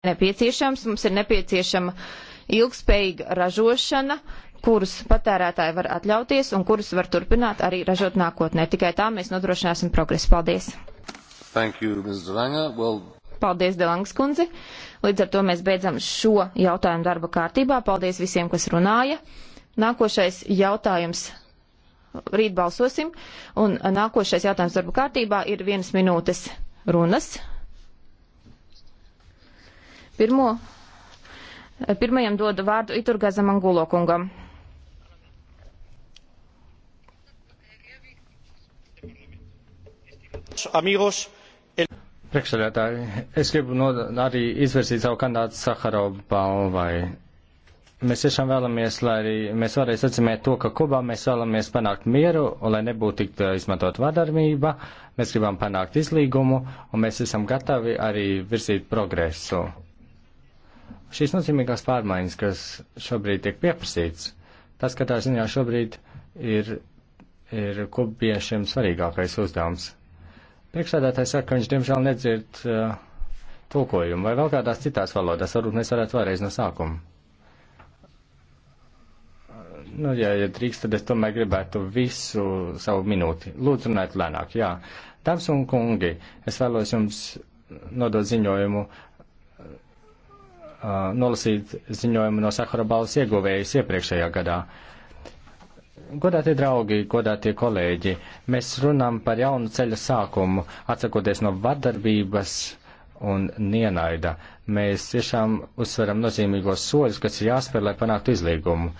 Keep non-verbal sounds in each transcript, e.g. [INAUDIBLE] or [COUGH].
nepieciešams. Mums ir nepieciešama ilgspējīga ražošana, kurus patērētāji var atļauties un kurus var turpināt arī ražot nākotnē. Tikai tā mēs nodrošināsim progresu. Paldies! Thank you, well... Paldies, Delangas kundze. Līdz ar to mēs beidzam šo jautājumu darba kārtībā. Paldies visiem, kas runāja. Nākošais jautājums rīt balsosim, un nākošais jautājums darba kārtībā ir vienas minūtes runas Pirmo, pirmajam dodu vārdu Iturgazam Angulo kungam. Amigos, el... Priekšsēdētāji, es gribu no, arī izvirzīt savu kandidātu Saharovu balvai. Mēs tiešām vēlamies, lai arī mēs varēsim atzīmēt to, ka Kubā mēs vēlamies panākt mieru, un lai nebūtu tikt eh, izmantot vardarbība, mēs gribam panākt izlīgumu, un mēs esam gatavi arī virzīt progresu. Šīs nozīmīgās pārmaiņas, kas šobrīd tiek pieprasīts, tas katrā ziņā šobrīd ir, ir kopiešiem svarīgākais uzdevums. Priekšsēdētājs saka, ka viņš diemžēl nedzird uh, tulkojumu vai vēl kādās citās valodās. Varbūt mēs varētu vēlreiz no sākuma. Nu, ja, ja drīkst, tad es tomēr gribētu visu savu minūti. Lūdzu, runājiet lēnāk, jā. Dāmas un kungi, es vēlos jums nodot ziņojumu nolasīt ziņojumu no Sakara balvas ieguvējas iepriekšējā gadā. Godātie draugi, godātie kolēģi, mēs runām par jaunu ceļa sākumu, atsakoties no vardarbības un nienaida. Mēs tiešām uzsveram nozīmīgos soļus, kas ir jāspēr, lai panāktu izlīgumu.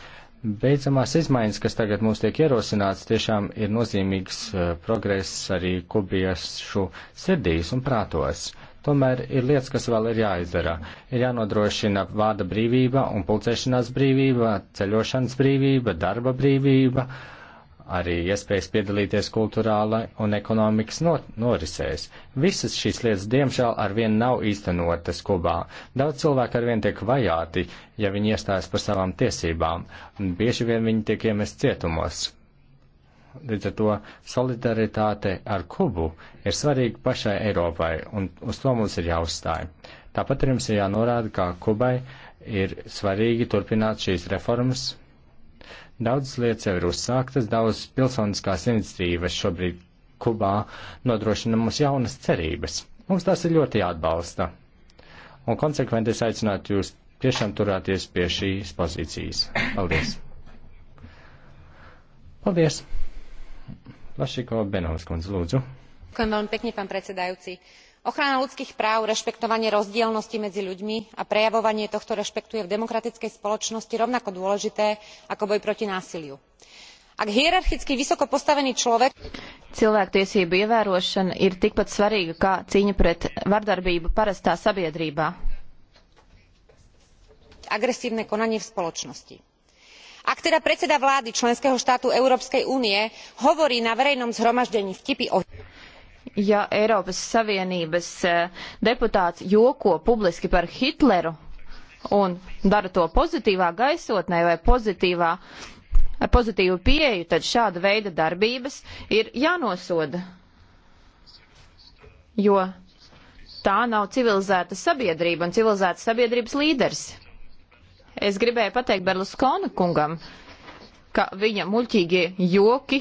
Beidzamās izmaiņas, kas tagad mums tiek ierosināts, tiešām ir nozīmīgs progress arī kubiešu sirdīs un prātos. Uh, Tomēr ir lietas, kas vēl ir jāizdara. Ir jānodrošina vārda brīvība un pulcēšanās brīvība, ceļošanas brīvība, darba brīvība, arī iespējas piedalīties kultūrāla un ekonomikas not norisēs. Visas šīs lietas, diemžēl, arvien nav īstenotas Kubā. Daudz cilvēku arvien tiek vajāti, ja viņi iestājas par savām tiesībām, un bieži vien viņi tiek iemest cietumos. Līdz ar to solidaritāte ar Kubu ir svarīga pašai Eiropai, un uz to mums ir jāuzstāj. Tāpat arī mums ir jānorāda, ka Kubai ir svarīgi turpināt šīs reformas. Daudzas lietas jau ir uzsāktas, daudz pilsoniskās iniciatīvas šobrīd Kubā nodrošina mums jaunas cerības. Mums tās ir ļoti jāatbalsta. Un konsekventi es aicinātu jūs tiešām turēties pie šīs pozīcijas. Paldies! [COUGHS] Paldies! Lašiko Benovs kundze, lūdzu. Ďakujem veľmi pekne, pán predsedajúci. Ochrana ľudských práv, rešpektovanie rozdielnosti medzi ľuďmi a prejavovanie tohto rešpektu je v demokratickej spoločnosti rovnako dôležité ako boj proti násiliu ak hierarchicky vysoko postavený človek. Cilvēktiesību ievērošana ir tikpat svarīga kā cīņa pret vardarbību parastā sabiedrībā. Agresívne konanie v spoločnosti ak teda predseda vlády členského štátu európskej únie hovorí na verejnom zhromaždení vtipy o Ja Eiropas Savienības eh, deputāts joko publiski par Hitleru un dara to pozitīvā gaisotnē vai pozitīvā, ar eh, pozitīvu pieeju, tad šāda veida darbības ir jānosoda. Jo tā nav civilizēta sabiedrība un civilizētas sabiedrības līderis. Es gribēju pateikt Berluskona kungam, ka viņa muļķīgie joki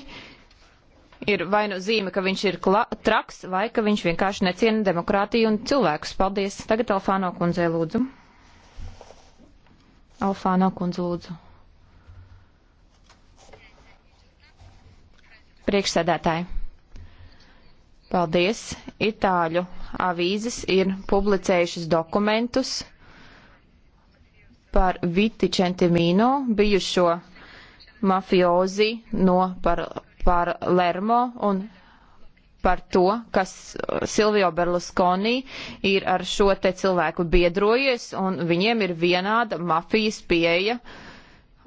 ir vai nu zīme, ka viņš ir traks, vai ka viņš vienkārši neciena demokrātiju un cilvēkus. Paldies. Tagad Alfāno kundzei lūdzu. Alfāno kundze lūdzu. Priekšsēdētāji. Paldies. Itāļu avīzes ir publicējušas dokumentus par Viti Čentimino, bijušo mafiozi no par, par Lermo un par to, kas uh, Silvio Berlusconi ir ar šo te cilvēku biedrojies un viņiem ir vienāda mafijas pieeja.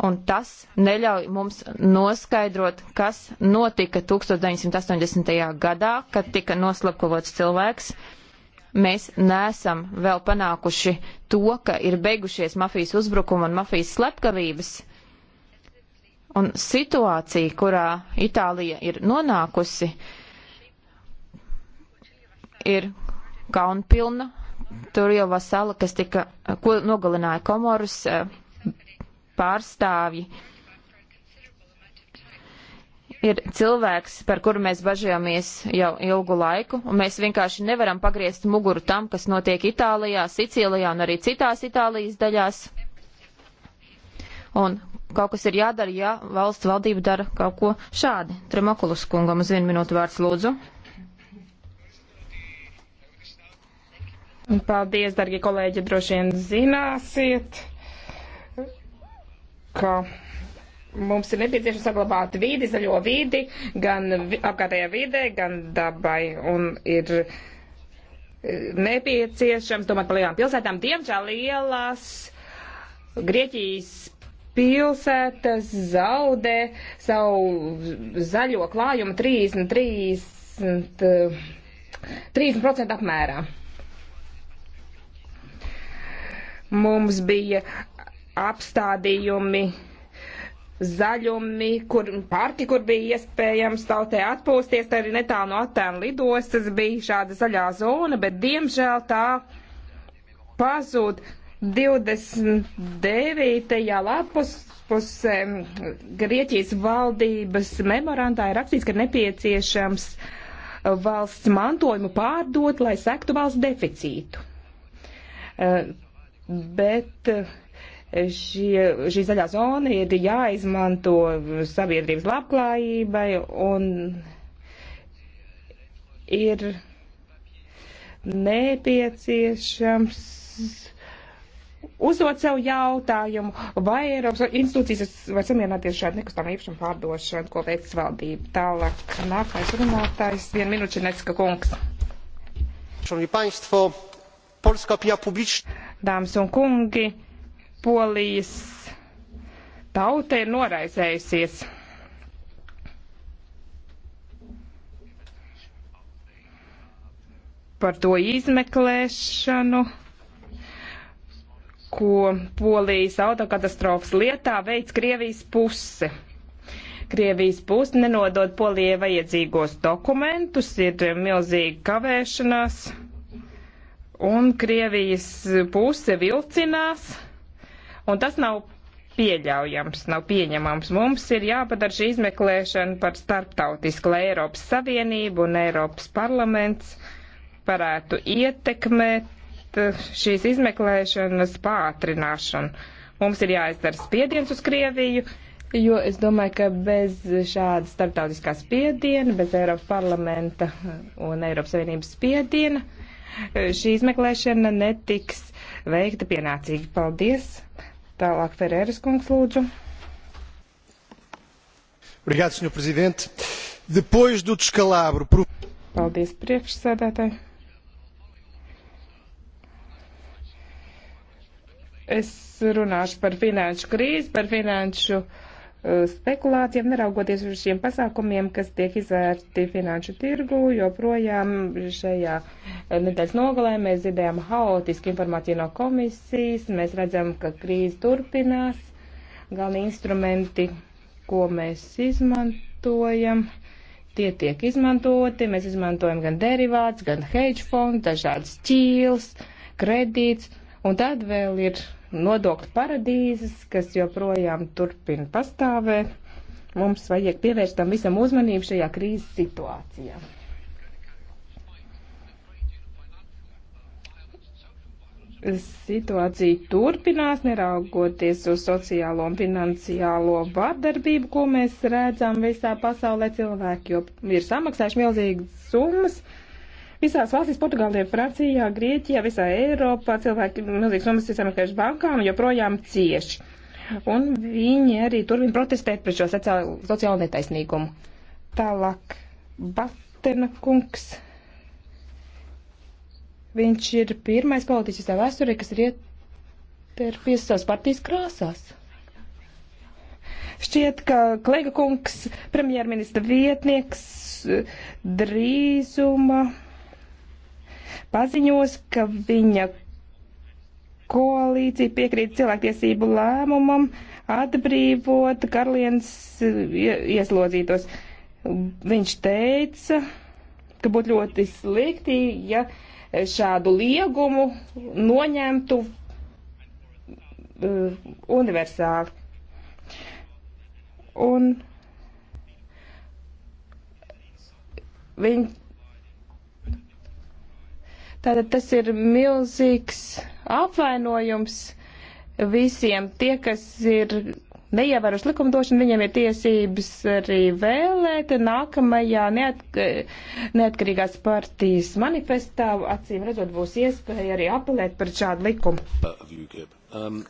Un tas neļauj mums noskaidrot, kas notika 1980. gadā, kad tika noslapkavots cilvēks, mēs nesam vēl panākuši to, ka ir beigušies mafijas uzbrukuma un mafijas slepkavības. Un situācija, kurā Itālija ir nonākusi, ir kaunpilna. Tur jau vasala, kas tika, ko nogalināja komorus eh, pārstāvji ir cilvēks, par kuru mēs bažījāmies jau ilgu laiku, un mēs vienkārši nevaram pagriezt muguru tam, kas notiek Itālijā, Sicīlijā un arī citās Itālijas daļās. Un kaut kas ir jādara, ja valsts valdība dara kaut ko šādi. Tremokulus kungam uz vienu minūtu vārds lūdzu. Paldies, darbie kolēģi, droši vien zināsiet, ka Mums ir nepieciešams saglabāt vidi, zaļo vidi, gan apkārtējā vidē, gan dabai. Un ir eh, nepieciešams domāt par lielām pilsētām. Diemžēl lielās Grieķijas pilsētas zaudē savu zaļo klājumu 30, 30, 30% apmērā. Mums bija apstādījumi zaļumi, kur parki, kur bija iespējams tautē atpūsties, tā arī netālu no attēna lidostas bija šāda zaļā zona, bet diemžēl tā pazūd 29. lapusē Grieķijas valdības memorandā ir rakstīts, ka nepieciešams uh, valsts mantojumu pārdot, lai sektu valsts deficītu. Uh, bet uh, šie, šī zaļā zona ir jāizmanto sabiedrības labklājībai un ir nepieciešams uzdot sev jautājumu, vai Eiropas institūcijas var samierināties šādu nekustamā īpašuma pārdošanu, ko veiks valdība. Tālāk nākamais runātājs, viena minūte, Necka kungs. Dāmas un kungi, Polijas tauta ir noraizējusies. Par to izmeklēšanu, ko Polijas autokatastrofas lietā veids Krievijas puse. Krievijas puse nenodod Polijai vajadzīgos dokumentus, ir milzīga kavēšanās, un Krievijas puse vilcinās Un tas nav pieļaujams, nav pieņemams. Mums ir jāpadara šī izmeklēšana par starptautisku, lai Eiropas Savienība un Eiropas parlaments varētu ietekmēt eh, šīs izmeklēšanas pātrināšanu. Mums ir jāizdara spiediens uz Krieviju, jo es domāju, ka bez šāda starptautiskā spiediena, bez Eiropas parlamenta un Eiropas Savienības spiediena eh, šī izmeklēšana netiks veikta pienācīgi. Paldies! Tālāk Ferēras kungs lūdzu. Obrigado, Sr. Presidente. Depois do descalabro. Paldies, priekšsēdētāji. Es runāšu par finanšu krīzi, par finanšu uh, Eh, spekulācijām, neraugoties uz šiem pasākumiem, kas tiek izvērti finanšu tirgu, joprojām šajā eh, nedēļas nogalē mēs dzirdējām haotisku informāciju no komisijas, mēs redzam, ka krīze turpinās, galveni instrumenti, ko mēs izmantojam, tie tiek izmantoti, mēs izmantojam gan derivāts, gan hedge fonds, dažādas ķīls, kredīts, un tad vēl ir nodokļu paradīzes, kas joprojām turpina pastāvēt. Mums vajag pievērst tam visam uzmanību šajā krīzes situācijā. Situācija turpinās, neraugoties uz sociālo un finansiālo vardarbību, ko mēs redzam visā pasaulē. Cilvēki jau ir samaksājuši milzīgas summas. Uh, Visās valstīs, Portugālijā, Francijā, Grieķijā, visā Eiropā cilvēki milzīgs nomas izsamakārši bankām joprojām cieši. Un viņi arī turpina protestēt pret šo sociālo, sociālo netaisnīgumu. Tālāk, Batena kungs. Viņš ir pirmais politiķis savā vēsturē, kas ir ieterpies savas partijas krāsās. Šķiet, ka Kleiga kungs, premjerministra vietnieks, drīzuma paziņos, ka viņa koalīcija piekrīt cilvēktiesību lēmumam atbrīvot karalienes eh, ieslodzītos. Viņš teica, ka būtu ļoti slikti, ja šādu liegumu noņemtu eh, universāli. Un viņ, Tātad tas ir milzīgs apvainojums visiem tie, kas ir neievēruši likumdošanu, viņiem ir tiesības arī vēlēt nākamajā neatk neatkarīgās partijas manifestā. Acīm redzot, būs iespēja arī apelēt par šādu likumu. Um,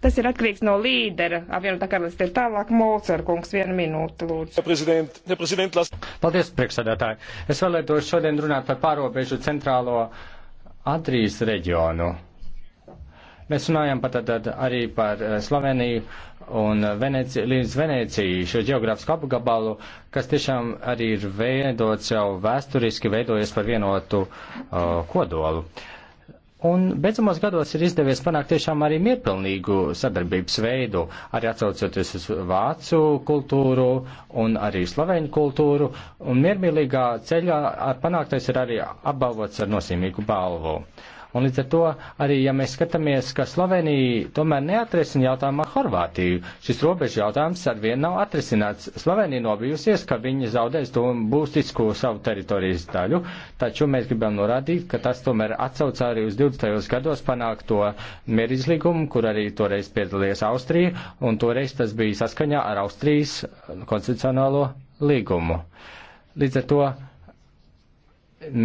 Tas ir atkarīgs no līdera. Apvienotā karalistē ir tālāk Molcer kungs, vienu minūti lūdzu. Paldies, priekšsēdētāji. Es vēlētos šodien runāt par pārobežu centrālo Adrijas reģionu. Mēs runājam pat tad arī par eh, Sloveniju un Veneciju, līdz Veneciju, šo geogrāfisku apgabalu, kas tiešām arī ir veidots jau vēsturiski, veidojies par vienotu uh, kodolu. Uh, Un beidzamos gados ir izdevies panākt tiešām arī mierpilnīgu sadarbības veidu, arī atsaucoties uz vācu kultūru un arī sloveņu kultūru, un miermīlīgā ceļā panāktais ir arī apbalvots ar nozīmīgu balvu. Uh, Un līdz ar to arī, ja mēs skatāmies, ka Slovenija tomēr neatrisina jautājumu ar Horvātiju, šis robežu jautājums ar vienu nav atrisināts. Slovenija nobijusies, ka viņi zaudēs to būtisku savu teritorijas daļu, taču mēs gribam norādīt, ka tas tomēr atsauc arī uz 20. gados panākto mierizlīgumu, kur arī toreiz piedalījās Austrija, un toreiz tas bija saskaņā ar Austrijas konstitucionālo līgumu. Līdz ar to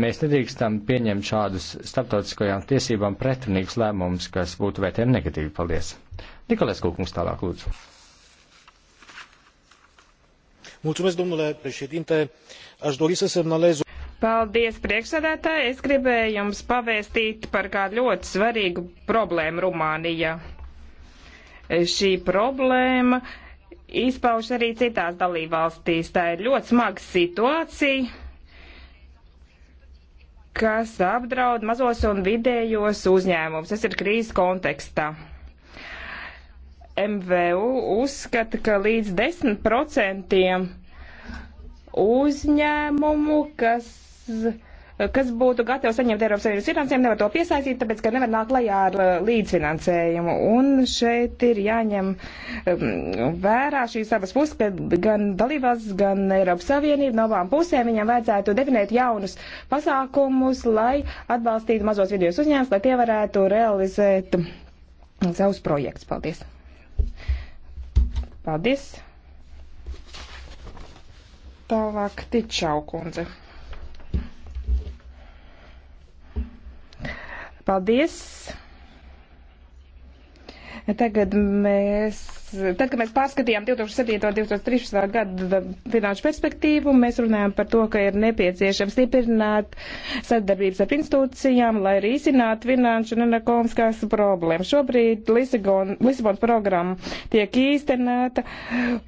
Mēs nedrīkstam pieņemt šādus starptautiskajām tiesībām pretrunīgus lēmumus, kas būtu vērtējami negatīvi. Paldies! Nikolais Kūkums tālāk lūdzu. Mulțumesc, domnule președinte. Aș dori să semnalez Paldies, priekšsēdētāji! Es gribēju jums pavēstīt par kādu ļoti svarīgu problēmu Rumānijā. Šī problēma izpauž arī citās dalībvalstīs. Tā ir ļoti smaga situācija kas apdraud mazos un vidējos uzņēmumus. Tas ir krīzes kontekstā. MVU uzskata, ka līdz 10% uzņēmumu, kas kas būtu gatavs saņemt Eiropas Savienības finansējumu, nevar to piesaistīt, tāpēc, ka nevar nākt lajā ar uh, līdzfinansējumu. Un šeit ir jāņem um, vērā šīs abas puses, ka gan dalībās, gan Eiropas Savienība no abām pusēm viņam vajadzētu definēt jaunus pasākumus, lai atbalstītu mazos vidējos uzņēmumus, lai tie varētu realizēt savus projektus. Paldies! Paldies! Tālāk Tičau kundze. Paldies! Tagad mēs tad, kad mēs pārskatījām 2007. un 2013. gada finanšu perspektīvu, mēs runājām par to, ka ir nepieciešams stiprināt sadarbības ar institūcijām, lai arī izcinātu finanšu un ekonomiskās problēmas. Šobrīd Lisagon, Lisabons programma tiek īstenēta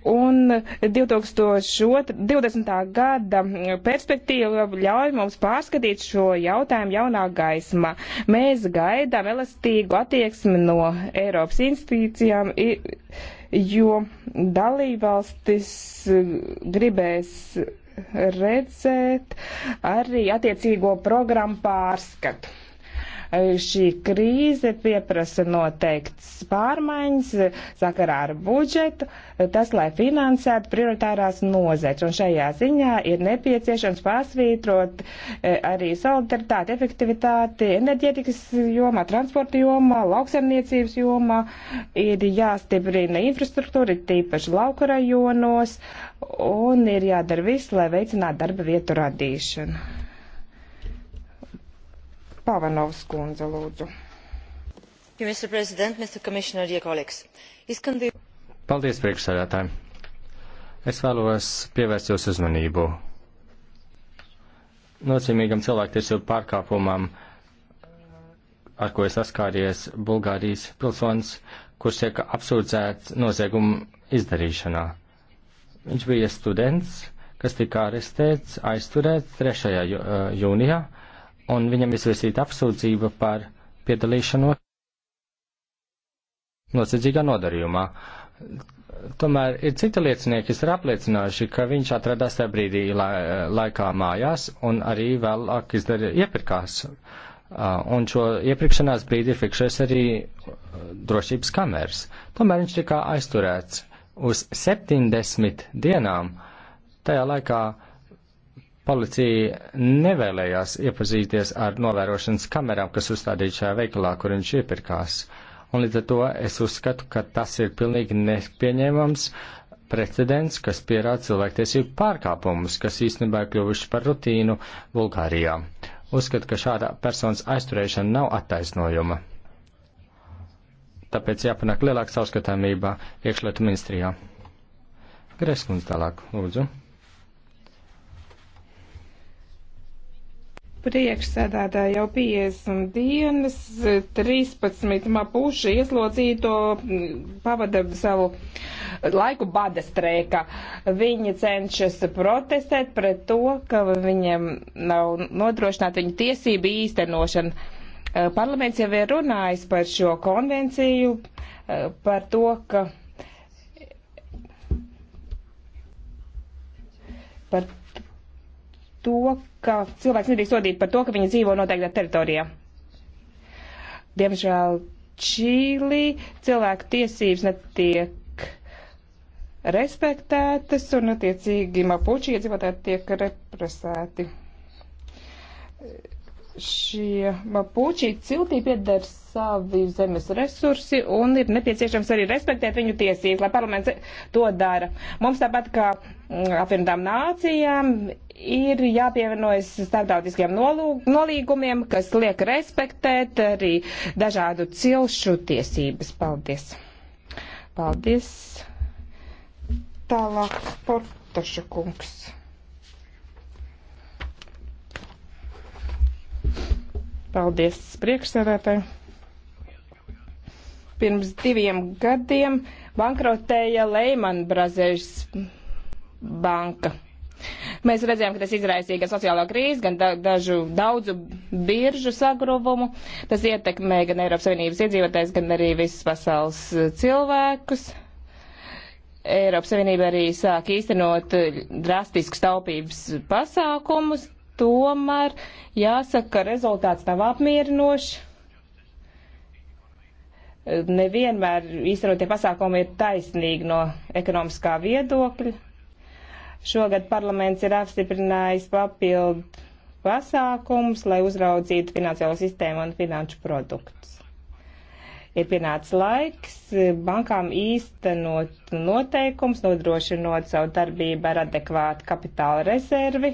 un 2020. gada perspektīva ļauj mums pārskatīt šo jautājumu jaunā gaismā. Mēs gaidām elastīgu attieksmi no Eiropas institūcijām. I, jo dalībvalstis eh, gribēs redzēt arī attiecīgo programmu pārskatu. Šī krīze pieprasa noteikts pārmaiņas sakarā ar budžetu, tas, lai finansētu prioritārās nozeķi. Un šajā ziņā ir nepieciešams pasvītrot eh, arī solidaritāti, efektivitāti enerģētikas jomā, transporta jomā, lauksaimniecības jomā. Ir jāstiprina infrastruktūra, tīpaši lauku rajonos, un ir jādara viss, lai veicinātu darba vietu radīšanu. Pavanovs kundze, lūdzu. Mr. President, Mr. Commissioner, dear colleagues. Izskandī... Paldies, priekšsēdētāji. Es vēlos pievērst jūsu uzmanību nozīmīgam cilvēktiesību pārkāpumam, ar ko ir saskāries Bulgārijas pilsonis, kurš tiek apsūdzēts noziegumu izdarīšanā. Viņš bija students, kas tika arestēts, aizturēts 3. jūnijā un viņam izvirsīta apsūdzība par piedalīšanos nosedzīgā nodarījumā. Tomēr ir citi liecinieki, kas ir apliecinājuši, ka viņš atradās tajā brīdī lai, laikā mājās un arī vēlāk izdarīja iepirkās. Un šo iepirkšanās brīdi ir fikšēs arī drošības kameras. Tomēr viņš tika aizturēts uz 70 dienām. Tajā laikā uh, Policija nevēlējās iepazīties ar novērošanas kamerām, kas uzstādīta šajā veikalā, kur viņš iepirkās. Un līdz ar to es uzskatu, ka tas ir pilnīgi nepieņēmams precedents, kas pierāda cilvēktiesību pārkāpumus, kas īstenībā ir kļuvuši par rutīnu Bulgārijā. Uzskatu, ka šāda personas aizturēšana nav attaisnojuma. Tāpēc jāpanāk lielāka sauskatāmība iekšlietu ministrijā. Greskundz tālāk, lūdzu. Priekšsēdētāji jau 50 dienas, 13 mapuši ieslodzīto pavada savu laiku bada streika. Viņi cenšas protestēt pret to, ka viņiem nav nodrošināta viņa tiesība īstenošana. Eh, parlaments jau ir runājis par šo konvenciju, eh, par to, ka. Par to, ka cilvēks nedrīkst sodīt par to, ka viņi dzīvo noteiktā teritorijā. Diemžēl Čīlī cilvēku tiesības netiek respektētas un attiecīgi mapuči iedzīvotāji tiek represēti. Šie mapuči ciltī pieder savi zemes resursi un ir nepieciešams arī respektēt viņu tiesības, lai parlaments to dara. Mums tāpat kā Mm, apvienotām nācijām ir jāpievienojas starptautiskiem nolīgumiem, kas liek respektēt arī dažādu cilšu tiesības. Paldies! Paldies! Tālāk Portaša kungs. Paldies priekšsēdētāji! Pirms diviem gadiem bankrotēja Lehman Brothers banka. Mēs redzējām, ka tas izraisīja gan sociālo krīzi, gan da dažu daudzu biržu sagruvumu. Tas ietekmē gan Eiropas Savienības iedzīvotājs, gan arī visas pasaules eh, cilvēkus. Eiropas Savienība arī sāk īstenot eh, drastiskus taupības pasākumus, tomēr jāsaka, ka rezultāts nav apmierinošs. Eh, nevienmēr īstenotie pasākumi ir taisnīgi no ekonomiskā viedokļa Šogad parlaments ir apstiprinājis papildu pasākums, lai uzraudzītu finansiālo sistēmu un finanšu produktus. Ir pienācis laiks bankām īstenot noteikums, nodrošinot savu darbību ar adekvātu kapitāla rezervi.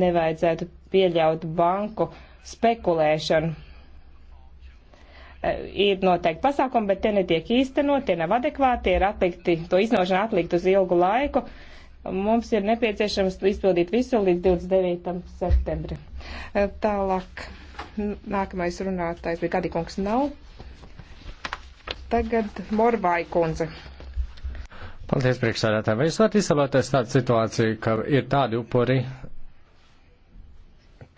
Nevajadzētu pieļaut banku spekulēšanu ir noteikti pasākumi, bet tie netiek īstenot, tie nav adekvāti, ir atlikti, to iznošana atlikt uz ilgu laiku. Mums ir nepieciešams izpildīt visu līdz 29. septembrim. E, tālāk, nākamais runātājs bija Kadikungs nav. Tagad Morvai kundze. Paldies, priekšsādātāji. Vai jūs varat izsabāties tādu situāciju, ka ir tādi upuri,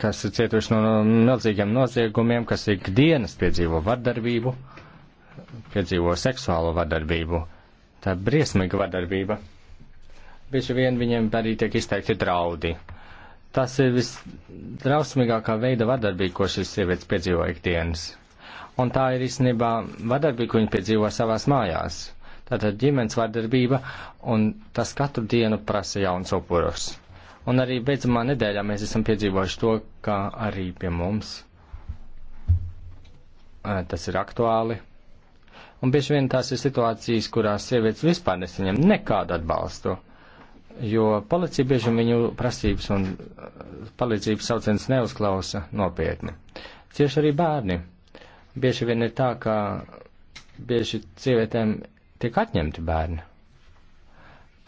kas ir cietuši no milzīgiem noziegumiem, kas ikdienas piedzīvo vardarbību, piedzīvo seksuālo vardarbību. Tā ir briesmīga vardarbība. Bieži vien viņiem arī tiek izteikti draudi. Tas ir visdrausmīgākā veida vardarbība, ko šīs sievietes piedzīvo ikdienas. Un tā ir īstenībā vardarbība, ko viņi piedzīvo savās mājās. Tātad ģimenes vardarbība, un tas katru dienu prasa jauns upurus. Un arī beidzamā nedēļā mēs esam piedzīvojuši to, ka arī pie mums tas ir aktuāli. Un bieži vien tās ir situācijas, kurās sievietes vispār nesaņem nekādu atbalstu, jo policija bieži viņu prasības un palīdzības sauciens neuzklausa nopietni. Cieši arī bērni. Bieži vien ir tā, ka bieži sievietēm tiek atņemti bērni.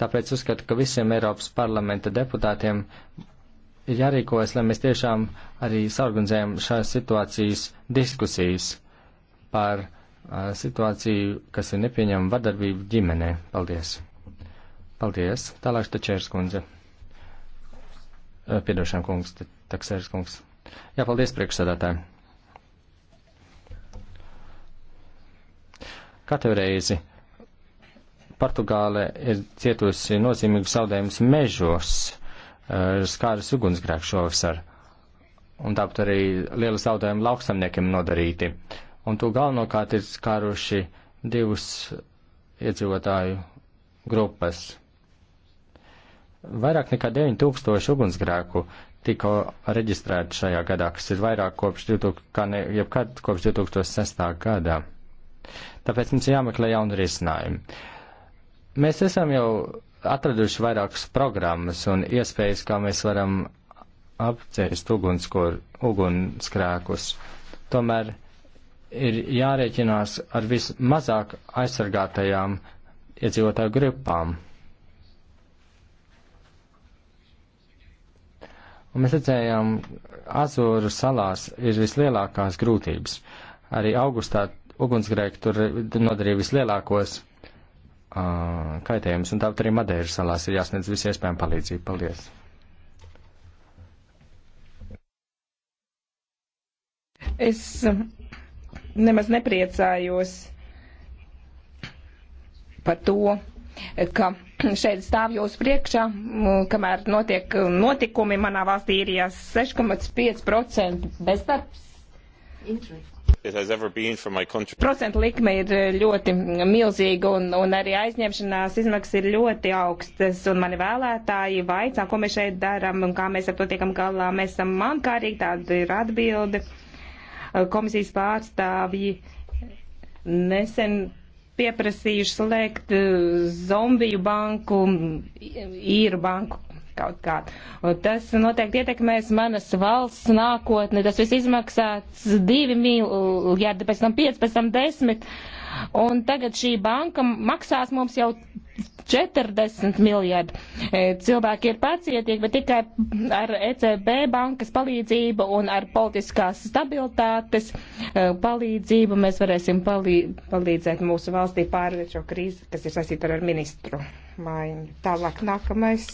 Tāpēc uzskatu, ka visiem Eiropas parlamenta deputātiem ir jārīkojas, lai mēs tiešām arī sargunzējam šās situācijas diskusijas par uh, situāciju, kas ir nepieņemama vardarbība ģimenē. Paldies! Paldies! Tālāk Tačērs kundze. Piedošana kungs, taksērs kungs. Jā, paldies priekšsādātāji. Katru reizi, Portugāle ir cietusi nozīmīgus zaudējumus mežos, eh, skāras ugunsgrēks šovasar, un tāpat arī liela zaudējuma lauksamniekiem nodarīti. Un to galvenokārt ir skāruši divus iedzīvotāju grupas. Vairāk nekā 9000 ugunsgrēku tika reģistrēti šajā gadā, kas ir vairāk kopš 2000, kā ne, jebkad kopš 2006. gadā. Tāpēc mums jāmeklē jauni risinājumi. Mēs esam jau atraduši vairākas programmas un iespējas, kā mēs varam apcēst ugunskrēkus. Tomēr ir jārēķinās ar vismazāk aizsargātajām iedzīvotāju grupām. Un mēs redzējām, Azūru salās ir vislielākās grūtības. Arī augustā ugunsgrēki tur nodarīja vislielākos kaitējumus, un tāpat arī Madeiras salās ir jāsniedz visi iespējami palīdzību. Paldies! Es um, nemaz nepriecājos par to, ka šeit stāv jūs priekšā, kamēr notiek notikumi manā valstī ir 6,5% bezdarbs. Interesting. Procentu likme ir eh, ļoti milzīga un, un arī aizņemšanās izmaksas ir ļoti augstas. Un mani vēlētāji vaicā, ko mēs šeit darām un kā mēs ar to tiekam galā. Mēs esam mankārīgi, tāda ir atbilde. Eh, komisijas pārstāvji nesen pieprasījuši slēgt eh, zombiju banku, īru banku kaut kā. Un tas noteikti ietekmēs manas valsts nākotni. Tas viss izmaksāts divi miljardi, pēc tam pieci, pēc tam desmit. Un tagad šī banka maksās mums jau 40 miljardi. E, cilvēki ir pacietīgi, bet tikai ar ECB bankas palīdzību un ar politiskās stabilitātes e, palīdzību mēs varēsim palīd palīdzēt mūsu valstī pārvarēt šo krīzi, kas ir saistīta ar ministru. Maiņu. Tālāk nākamais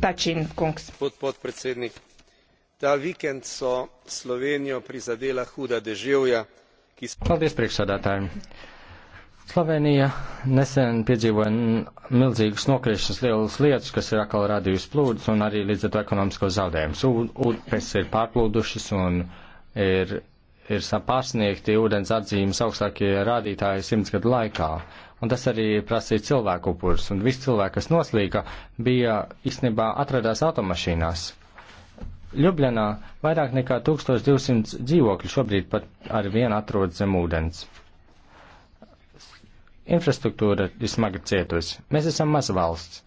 Tačin kungs. Podpod predsednik, ta vikend so Slovenijo prizadela huda deževja, ki so. Paldies priekšsādātājiem. Slovenija nesen piedzīvoja milzīgas nokrišanas lielas lietas, kas ir atkal radījusi plūdus un arī līdz ar to ekonomisko zaudējumus. Upes ir pārplūdušas un ir ir pārsniegti ūdens atzīmes augstākie rādītāji simts gadu laikā. Un tas arī prasīja cilvēku upurs, un viss cilvēki, kas noslīka, bija īstenībā atradās automašīnās. Ljubljanā vairāk nekā 1200 dzīvokļu šobrīd pat ar vienu atrodas zem ūdens. Infrastruktūra ir smagi cietusi. Mēs esam maza valsts,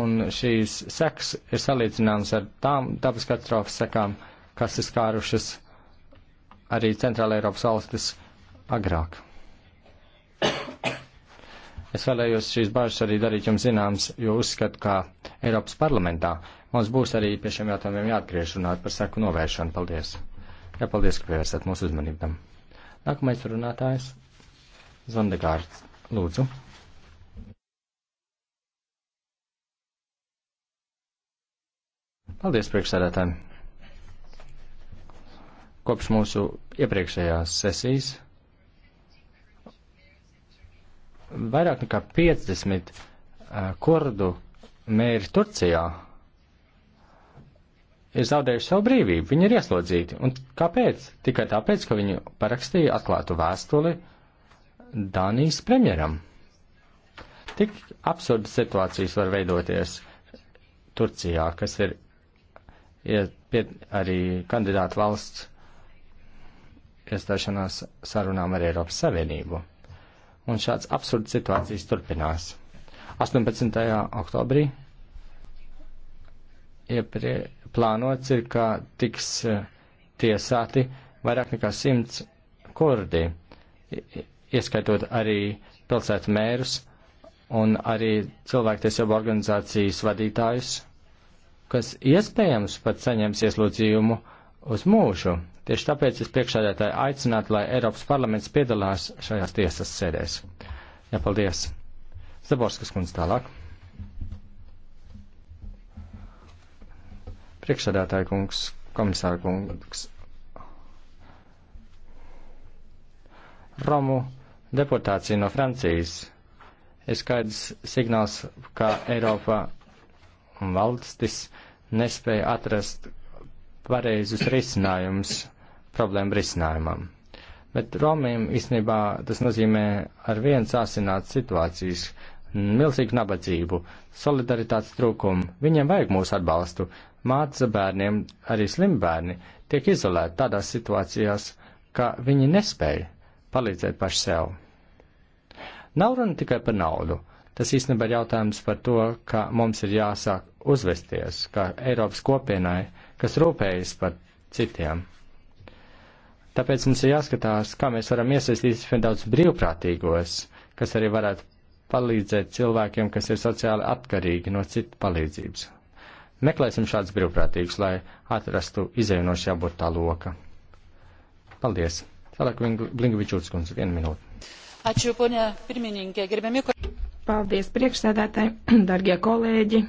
un šīs seks ir salīdzināms ar tām dabas katastrofas sekām, kas ir skārušas uh, arī Centrāla Eiropas valstis agrāk. Es vēlējos šīs bažas arī darīt jums zināms, jo uzskatu, ka Eiropas parlamentā mums būs arī pie šiem jautājumiem jāatgriež runāt par seku novēršanu. Paldies! Jā, paldies, ka pievērsāt mūsu uzmanību tam. Nākamais runātājs - Zondegārds. Lūdzu! Paldies priekšsēdētājiem! kopš mūsu iepriekšējās sesijas vairāk nekā 50 kurdu mēri Turcijā ir zaudējuši savu brīvību, viņi ir ieslodzīti. Un kāpēc? Tikai tāpēc, ka viņi parakstīja atklātu vēstuli Dānijas premjeram. Tik absurdas situācijas var veidoties Turcijā, kas ir ja, pie, arī kandidāta valsts iestāšanās sarunām ar Eiropas Savienību. Un šāds absurds situācijas turpinās. 18. oktobrī ieprie, plānots ir, ka tiks eh, tiesāti vairāk nekā simts kurdi, ieskaitot arī pilsētu mērus un arī cilvēktiesību organizācijas vadītājus, kas iespējams pat saņems ieslodzījumu uz mūžu Tieši tāpēc es priekšādētāju aicinātu, lai Eiropas parlaments piedalās šajās tiesas sēdēs. Jā, paldies. Zaborskas kundze tālāk. Priekšādētāju kungs, komisāra kungs. Romu deportācija no Francijas ir skaidrs signāls, ka Eiropa un valstis nespēja atrast pareizus risinājumus problēmu risinājumam. Bet Romiem īstenībā tas nozīmē ar vien sāsināt situācijas, milzīgu nabadzību, solidaritātes trūkumu. Viņiem vajag mūsu atbalstu. Māca bērniem, arī slim bērni, tiek izolēti tādās situācijās, ka viņi nespēja palīdzēt paši sev. Nav runa tikai par naudu. Tas īstenībā ir jautājums par to, ka mums ir jāsāk uzvesties, kā Eiropas kopienai, kas rūpējas par citiem. Tāpēc mums ir jāskatās, kā mēs varam iesaistīt daudz brīvprātīgos, kas arī varētu palīdzēt cilvēkiem, kas ir sociāli atkarīgi no citu palīdzības. Meklēsim šādus brīvprātīgus, lai atrastu izēju no šī abortā loka. Paldies! Tālāk Blinkevičūts kundze, viena minūte. Ačiū, poņa pirmininkė, gerbiami kolēģi. Paldies, priekšsēdētāji, [CLEARS THROAT] dargie kolēģi,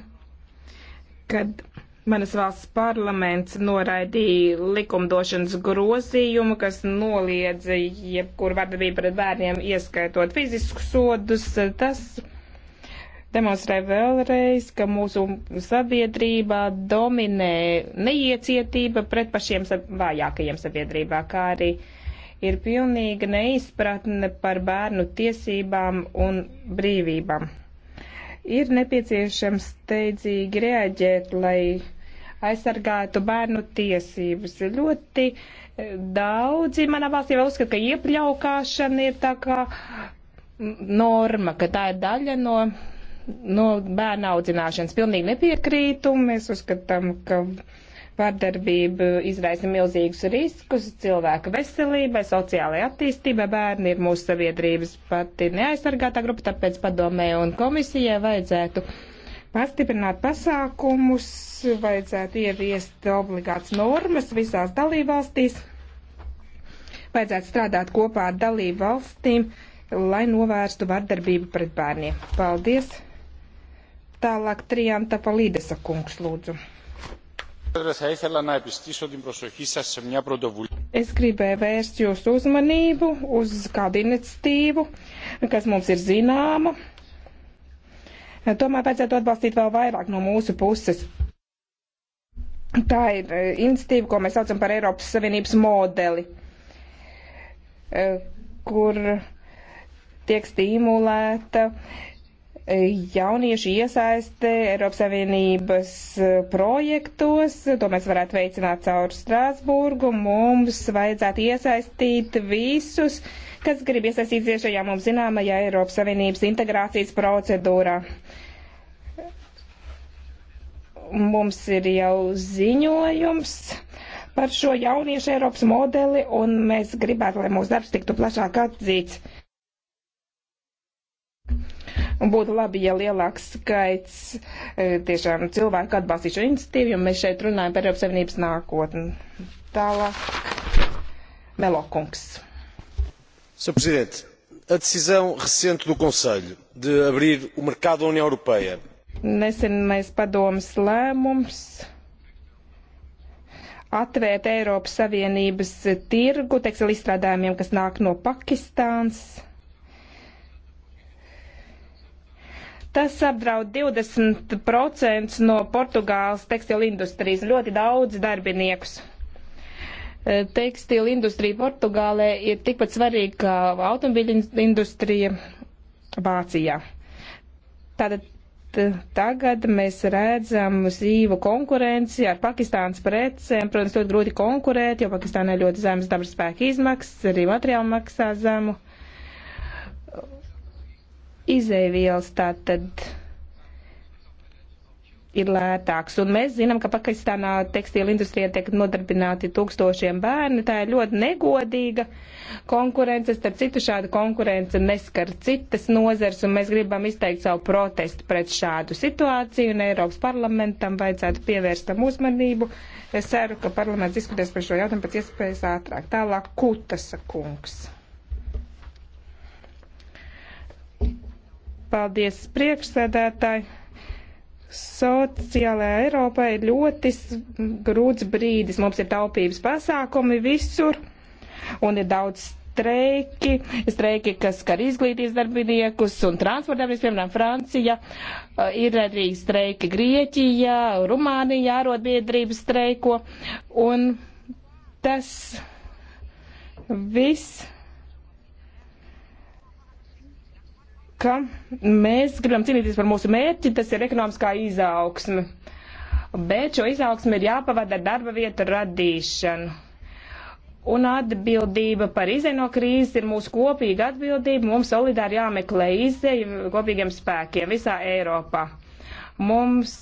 kad Manas valsts parlaments noraidīja likumdošanas grozījumu, kas noliedza jebkuru vardarbību pret bērniem, ieskaitot fiziskus sodus. Tas demonstrē vēlreiz, ka mūsu sabiedrībā dominē neiecietība pret pašiem vājākajiem sabiedrībā, kā arī ir pilnīga neizpratne par bērnu tiesībām un brīvībām. Ir nepieciešams steidzīgi reaģēt, lai aizsargātu bērnu tiesības. Ļoti eh, daudzi manā valstī vēl uzskata, ka iepļaukāšana ir tā kā norma, ka tā ir daļa no, no bērna audzināšanas. Pilnīgi nepiekrītu, mēs uzskatām, ka vardarbība izraisa milzīgus riskus cilvēka veselībai, sociālajai attīstībai. Bērni ir mūsu sabiedrības pati neaizsargātā grupa, tāpēc padomē un komisijai vajadzētu uh, pastiprināt pasākumus, vajadzētu ieviest obligāts normas visās dalībvalstīs, vajadzētu strādāt kopā ar dalībvalstīm, lai novērstu vardarbību pret bērniem. Paldies! Tālāk trijām tapa Līdesa kungs lūdzu. Es gribēju vērst jūsu uzmanību uz kādu iniciatīvu, kas mums ir zināma Tomēr vajadzētu atbalstīt vēl vairāk no mūsu puses. Tā ir eh, institīva, ko mēs saucam par Eiropas Savienības modeli, eh, kur tiek stimulēta eh, jauniešu iesaiste Eiropas Savienības projektos. To mēs varētu veicināt caur Strāsburgu. Mums vajadzētu iesaistīt visus uh, kas grib iesaistīties šajā mums zināmajā Eiropas Savienības integrācijas procedūrā. Mums ir jau ziņojums par šo jauniešu Eiropas modeli, un mēs gribētu, lai mūsu darbs tiktu plašāk atzīts. Un būtu labi, ja lielāks skaits e, tiešām cilvēku atbalstītu šo iniciatīvu, jo mēs šeit runājam par Eiropas Savienības nākotni. Tālāk Melokungs. Sr. Presidente, a decisão recente do Conselho de abrir o mercado à União Europeia. Nesenais padomas lēmums atvērt Eiropas Savienības tirgu tekstilu izstrādājumiem, kas nāk no Pakistāns. Tas apdraud 20% no Portugāles tekstilu industrijas, ļoti daudz darbiniekus. Eh, tekstila industrija Portugālē ir tikpat svarīga kā automobiļu industrija Vācijā. Tātad tagad mēs redzam zīvu konkurenci ar Pakistānas precēm. Protams, ļoti grūti konkurēt, jo Pakistānai ļoti zemes dabas spēka izmaksas, arī materiāli maksā zemu. Izēvielas tātad ir lētāks. Un mēs zinām, ka Pakistānā tekstīla industrijā tiek nodarbināti tūkstošiem bērni. Tā ir ļoti negodīga konkurence. Starp citu, šāda konkurence neskar citas nozars, un mēs gribam izteikt savu protestu pret šādu situāciju, un Eiropas parlamentam vajadzētu pievērst tam uzmanību. Es ceru, ka parlaments diskutēs par šo jautājumu pēc iespējas ātrāk. Tālāk Kutas kungs. Paldies, priekšsēdētāji! Sociālajā Eiropā ir ļoti grūts brīdis. Mums ir taupības pasākumi visur, un ir daudz streiki, streiki, kas skar izglītības darbiniekus un transporta darbiniekus, piemēram, Francija, uh, ir arī streiki Grieķijā, Rumānijā, arotbiedrības streiko, un tas viss ka mēs gribam cīnīties par mūsu mērķi, tas ir ekonomiskā izaugsme. Bet šo izaugsmu ir jāpavada darba vietu radīšanu. Un atbildība par izēju no krīzes ir mūsu kopīga atbildība. Mums solidāri jāmeklē izēju kopīgiem spēkiem visā Eiropā. Mums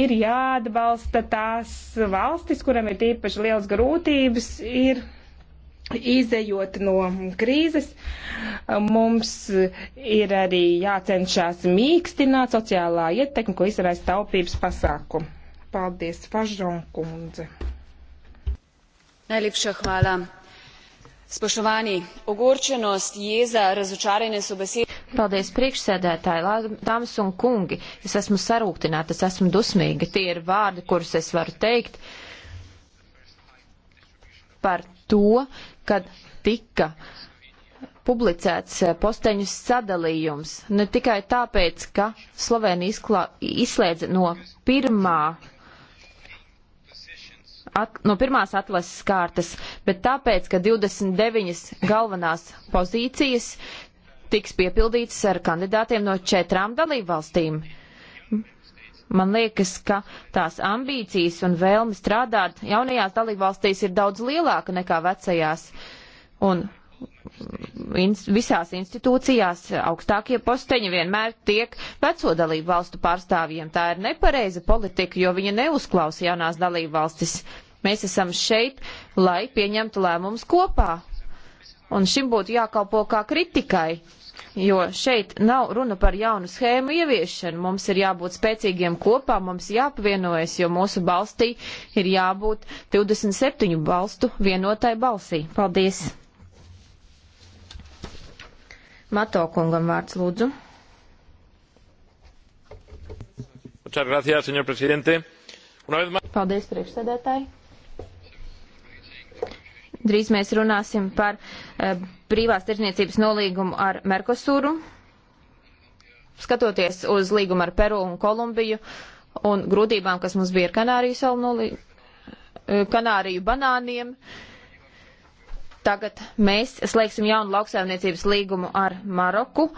ir jāatbalsta tās valstis, kuram ir tīpaši liels grūtības, ir Izejot no krīzes, mums ir arī jācenšas mīkstināt sociālā ietekme, ko izraisa taupības pasākumu. Paldies, Fažon kundze. Najlepša hvala. Spoštovani, ogorčenost, jeza, razočaranje so besede. Paldies, priekšsēdētāji, dāmas un kungi. Es esmu sarūktināta, es esmu dusmīga. Tie ir vārdi, kurus es varu teikt par to, kad tika publicēts eh, posteņu sadalījums ne tikai tāpēc, ka Slovēnija izslēdza no pirmā at, no pirmās atlases kārtas, bet tāpēc, ka 29 galvenās pozīcijas tiks piepildītas ar kandidātiem no četrām dalībvalstīm. Man liekas, ka tās ambīcijas un vēlme strādāt jaunajās dalībvalstīs ir daudz lielāka nekā vecajās. Un ins visās institūcijās augstākie posteņi vienmēr tiek veco dalību valstu pārstāvjiem. Tā ir nepareiza politika, jo viņa neuzklausa jaunās dalību valstis. Mēs esam šeit, lai pieņemtu lēmumus kopā. Un šim būtu jākalpo kā kritikai Jo šeit nav runa par jaunu schēmu ieviešanu. Mums ir jābūt spēcīgiem kopā, mums jāpavienojas, jo mūsu balstī ir jābūt 27 balstu vienotai balsī. Paldies! Mato kungam vārds lūdzu. Paldies, priekšsēdētāji! Drīz mēs runāsim par eh, brīvās tirzniecības nolīgumu ar Merkosūru. Skatoties uz līgumu ar Peru un Kolumbiju un grūtībām, kas mums bija ar Kanāriju salu nolīgumu, eh, Kanāriju banāniem, tagad mēs slēgsim jaunu lauksaimniecības līgumu ar Maroku,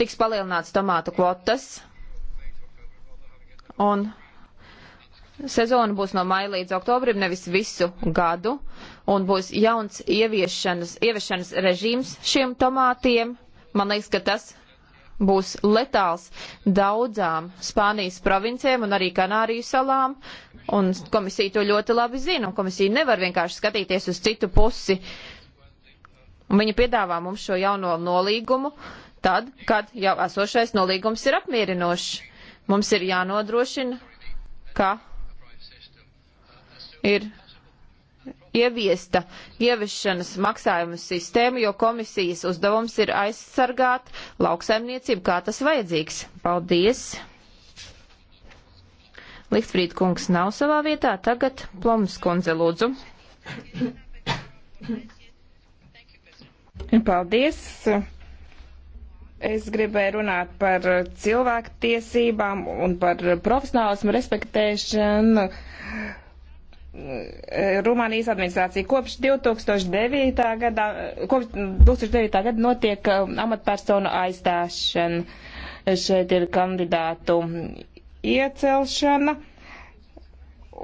tiks palielināts tomātu kvotas un sezona būs no maija līdz oktobrim, nevis visu gadu, un būs jauns ieviešanas, ieviešanas režīms šiem tomātiem. Man liekas, ka tas būs letāls daudzām Spānijas provincijām un arī Kanāriju salām, un komisija to ļoti labi zina, un komisija nevar vienkārši skatīties uz citu pusi. Un viņa piedāvā mums šo jauno nolīgumu tad, kad jau esošais nolīgums ir apmierinošs. Mums ir jānodrošina, ka ir ieviesta ieviešanas maksājumu sistēma, jo komisijas uzdevums ir aizsargāt lauksaimniecību, kā tas vajadzīgs. Paldies! Lichtfrīd kungs nav savā vietā, tagad Ploms kundze lūdzu. Paldies! Es gribēju runāt par cilvēku tiesībām un par profesionālismu respektēšanu Eh, Rumānijas administrācija. Kopš 2009. gada, eh, kopš 2009. gada notiek eh, amatpersonu aizstāšana. Šeit ir kandidātu iecelšana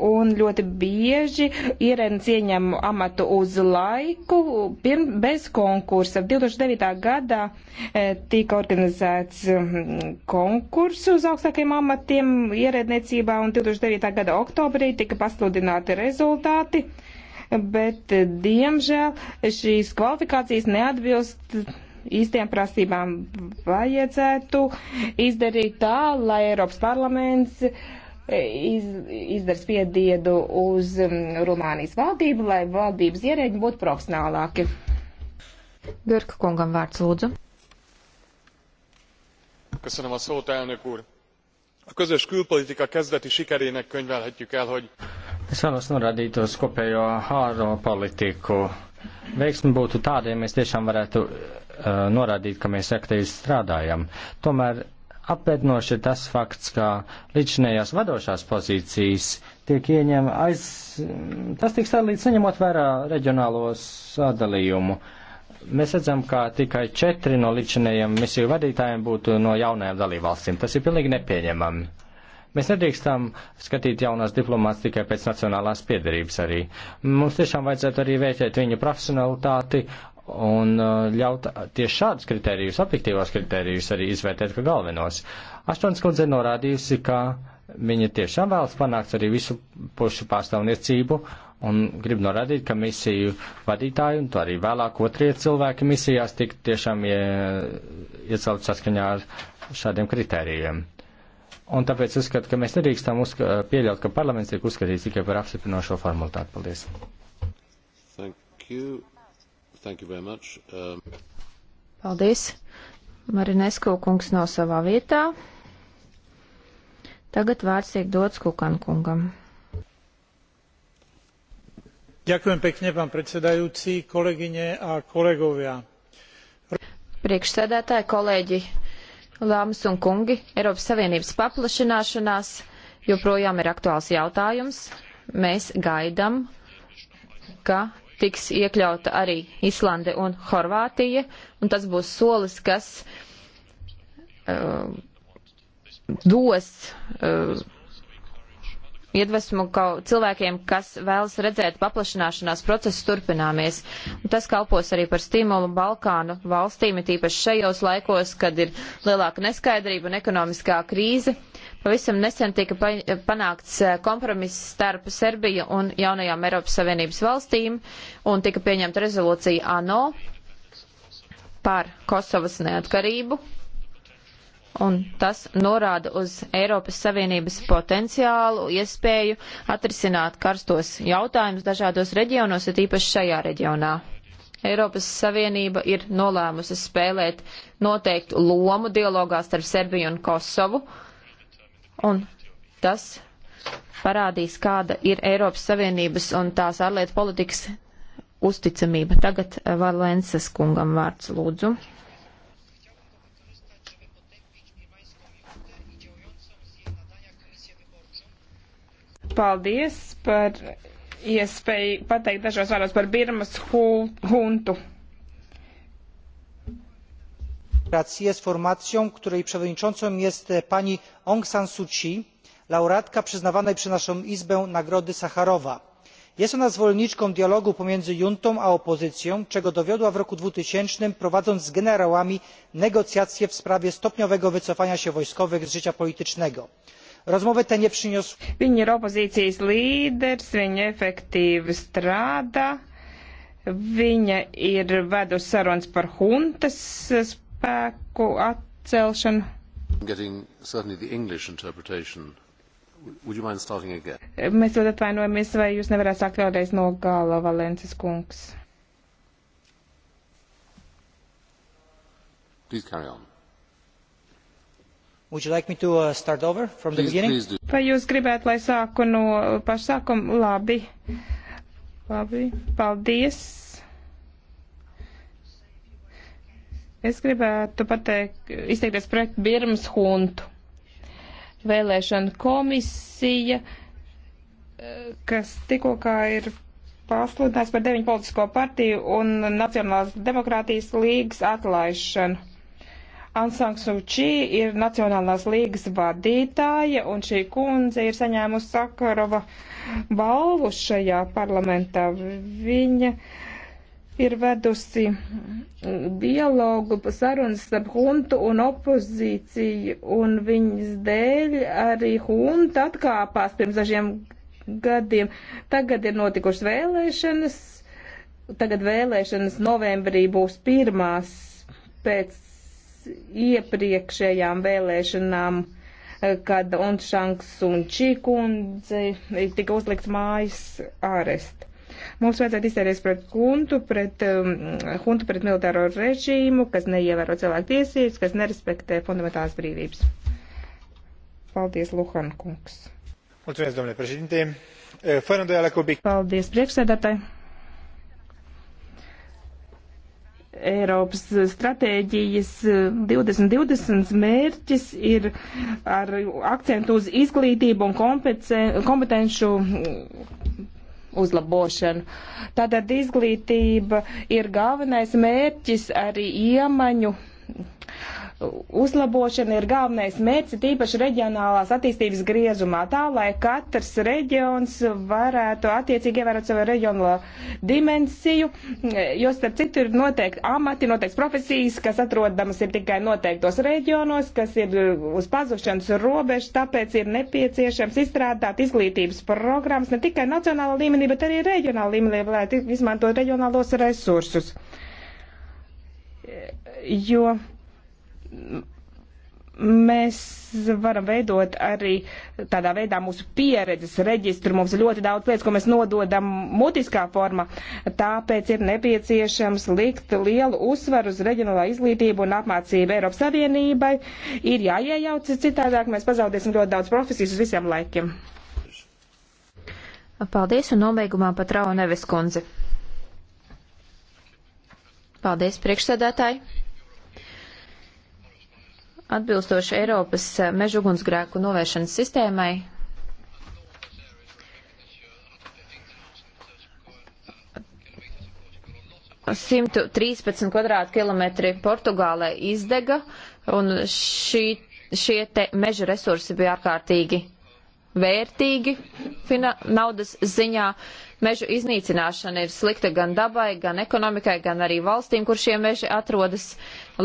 un ļoti bieži ierēdnis ieņem amatu uz laiku pirm, bez konkursa. 2009. gadā eh, tika organizēts mm, konkurss uz augstākiem amatiem ierēdniecībā, un 2009. gada oktobrī tika pasludināti rezultāti, bet eh, diemžēl šīs kvalifikācijas neatbilst īstiem prasībām vajadzētu izdarīt tā, lai Eiropas parlaments uh, iz, izdara spiediedu uz um, Rumānijas valdību, lai valdības ierēģi būtu profesionālāki. Görka kungam vārds lūdzu. Köszönöm a szót, elnök úr! A közös külpolitika kezdeti sikerének könyvelhetjük el, hogy... Es vēlos norādīt uz kopējo ārpolitiku. Veiksmi būtu tāda, ja mēs tiešām varētu uh, norādīt, ka mēs aktīvi strādājam. Tomēr Apēdinoši ir tas fakts, ka līdzinējās vadošās pozīcijas tiek ieņem aiz, tas tiks sadalīts saņemot vērā reģionālo sadalījumu. Mēs redzam, ka tikai četri no līdzinējiem misiju vadītājiem būtu no jaunajām dalībvalstīm. Tas ir pilnīgi nepieņemami. Mēs nedrīkstam skatīt jaunās diplomāts tikai pēc nacionālās piedarības arī. Mums tiešām vajadzētu arī vērtēt viņu profesionalitāti un uh, ļaut uh, tieši šādus kritērijus, objektīvos kritērijus arī izvērtēt kā galvenos. Aštons kundze norādījusi, ka viņa tiešām vēlas panākt arī visu pušu pārstāvniecību un grib norādīt, ka misiju vadītāji un to arī vēlāk otrie cilvēki misijās tik tiešām ie, iecelt saskaņā ar šādiem kritērijiem. Un tāpēc uzskatu, ka mēs nedrīkstam uzka pieļaut, ka parlaments tiek uzskatīts tikai par apstiprinošo formalitāti. Paldies. Thank you. Thank you very much. Um... Paldies. Marinesko kungs nav savā vietā. Tagad vārds tiek dots Kukan kungam. Ďakujem pekne, pán predsedajúci, kolegyne a kolegovia. Priekšsēdētāji, kolēģi, Lāmas un kungi, Eiropas Savienības paplašināšanās joprojām ir aktuāls jautājums. Mēs gaidam, ka tiks iekļauta arī Islande un Horvātija, un tas būs solis, kas uh, dos uh, iedvesmu cilvēkiem, kas vēlas redzēt paplašināšanās procesu turpināmies. Un tas kalpos arī par stimulu Balkānu valstīm, it īpaši šajos laikos, kad ir lielāka neskaidrība un ekonomiskā krīze. Pavisam nesen tika panākts eh, kompromiss starp Serbiju un jaunajām Eiropas Savienības valstīm un tika pieņemta rezolūcija ANO par Kosovas neatkarību. Un tas norāda uz Eiropas Savienības potenciālu, iespēju atrisināt karstos jautājumus dažādos reģionos, ir īpaši šajā reģionā. Eiropas Savienība ir nolēmusi spēlēt noteiktu lomu dialogā starp Serbiju un Kosovu. Uh, un tas parādīs, kāda ir Eiropas Savienības un tās ārlietu politikas uzticamība. Tagad eh, Valences kungam vārds lūdzu. Paldies par iespēju pateikt dažos vārdos par Birmas huntu demokracji jest formacją której przewodniczącą jest e, pani aung san suu kyi laureatka przyznawanej przez naszą izbę nagrody sacharowa. jest ona zwolenniczką dialogu pomiędzy juntą a opozycją czego dowiodła w roku dwa tysiące prowadząc z generałami negocjacje w sprawie stopniowego wycofania się wojskowych z życia politycznego. rozmowy te nie przyniosły. viņa ir opozīcijas līderis viņa efektīvi strādā viņa ir vedusi sarunas par huntas spēku atcelšanu. Mēs ļoti atvainojamies, vai jūs nevarētu sākt vēlreiz no gala, Valences kungs. Please carry on. Would you like me to uh, start over from please, the beginning? Please do. Vai jūs gribētu, lai sāku no paša sākuma? Labi. Labi. Paldies Es gribētu pateikt, izteikties pret Birmas huntu. Vēlēšana komisija, kas tikko kā ir pasludināts par deviņu politisko partiju un Nacionālās demokrātijas līgas atlaišanu. Ansang Suči ir Nacionālās līgas vadītāja, un šī kundze ir saņēmusi Sakarova balvu šajā parlamentā. Viņa uh, ir vedusi dialogu, sarunas starp huntu un opozīciju, un viņas dēļ arī hunta atkāpās pirms dažiem gadiem. Tagad ir notikušas vēlēšanas, tagad vēlēšanas novembrī būs pirmās pēc iepriekšējām vēlēšanām kad Onšanks un Čīkundze tika uzlikts mājas ārest. Mums vajadzētu izteikties pret huntu, pret, um, huntu, pret militāro režīmu, kas neievēro cilvēku tiesības, kas nerespektē fundamentālās brīvības. Paldies, Luhan kungs. Mulțumesc, domnule președinte. E, fără îndoială că obiect... Paldies, priekšsēdētāji. Eiropas stratēģijas 2020 e, mērķis ir ar akcentu uz izglītību un kompetenšu uzlabošanu. Tātad izglītība ir galvenais mērķis arī iemaņu uzlabošana ir galvenais mērķis, tīpaši reģionālās attīstības griezumā, tā lai katrs reģions varētu attiecīgi ievērot savu reģionālo dimensiju, jo starp citu ir noteikti amati, noteikts profesijas, kas atrodamas ir tikai noteiktos reģionos, kas ir uz pazušanas robežas, tāpēc ir nepieciešams izstrādāt izglītības programmas ne tikai nacionāla līmenī, bet arī reģionāla līmenī, lai izmantot reģionālos resursus. Jo mēs varam veidot arī tādā veidā mūsu pieredzes reģistru. Mums ir ļoti daudz lietas, ko mēs nododam mutiskā formā. Tāpēc ir nepieciešams likt lielu uzsvaru uz reģionālā izglītību un apmācību Eiropas Savienībai. Ir jāiejaucas citādāk, mēs pazaudēsim ļoti daudz profesijas uz visiem laikiem. Paldies un nobeigumā pat Rauneves kundze. Paldies, priekšsēdētāji! Atbilstoši Eiropas mežugunsgrēku novēršanas sistēmai, Simtu trīspadsmit kvadrātkilometri Portugālē izdega, un šī, šie te meža resursi bija ārkārtīgi vērtīgi fina, naudas ziņā. Uh, Mežu iznīcināšana ir slikta gan dabai, gan ekonomikai, gan arī valstīm, kur šie meži atrodas.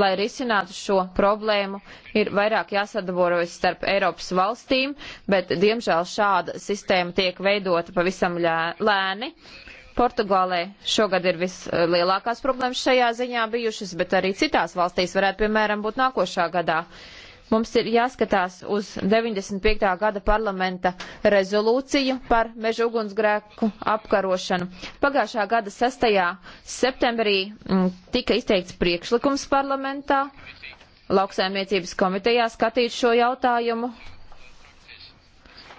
Lai risinātu šo problēmu, ir vairāk jāsadarbojas starp Eiropas valstīm, bet diemžēl šāda sistēma tiek veidota pavisam lēni. Portugālē šogad ir vislielākās problēmas šajā ziņā bijušas, bet arī citās valstīs varētu, piemēram, būt nākošā gadā. Uh, Mums ir jāskatās uz 95. gada parlamenta rezolūciju par meža ugunsgrēku apkarošanu. Pagājušā gada 6. septembrī mm, tika izteikts priekšlikums parlamentā. Lauksaimniecības komitejā skatīt šo jautājumu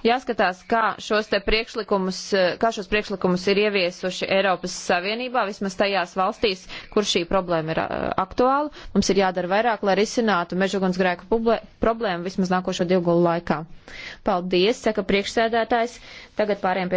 jāskatās, kā šos te priekšlikumus, eh, kā šos priekšlikumus ir ieviesuši Eiropas Savienībā, vismaz tajās valstīs, kur šī problēma ir eh, aktuāla. Mums ir jādara vairāk, lai risinātu mežugunsgrēku problēmu vismaz nākošo divu gulu laikā. Paldies, saka priekšsēdētājs. Tagad pārējiem pie.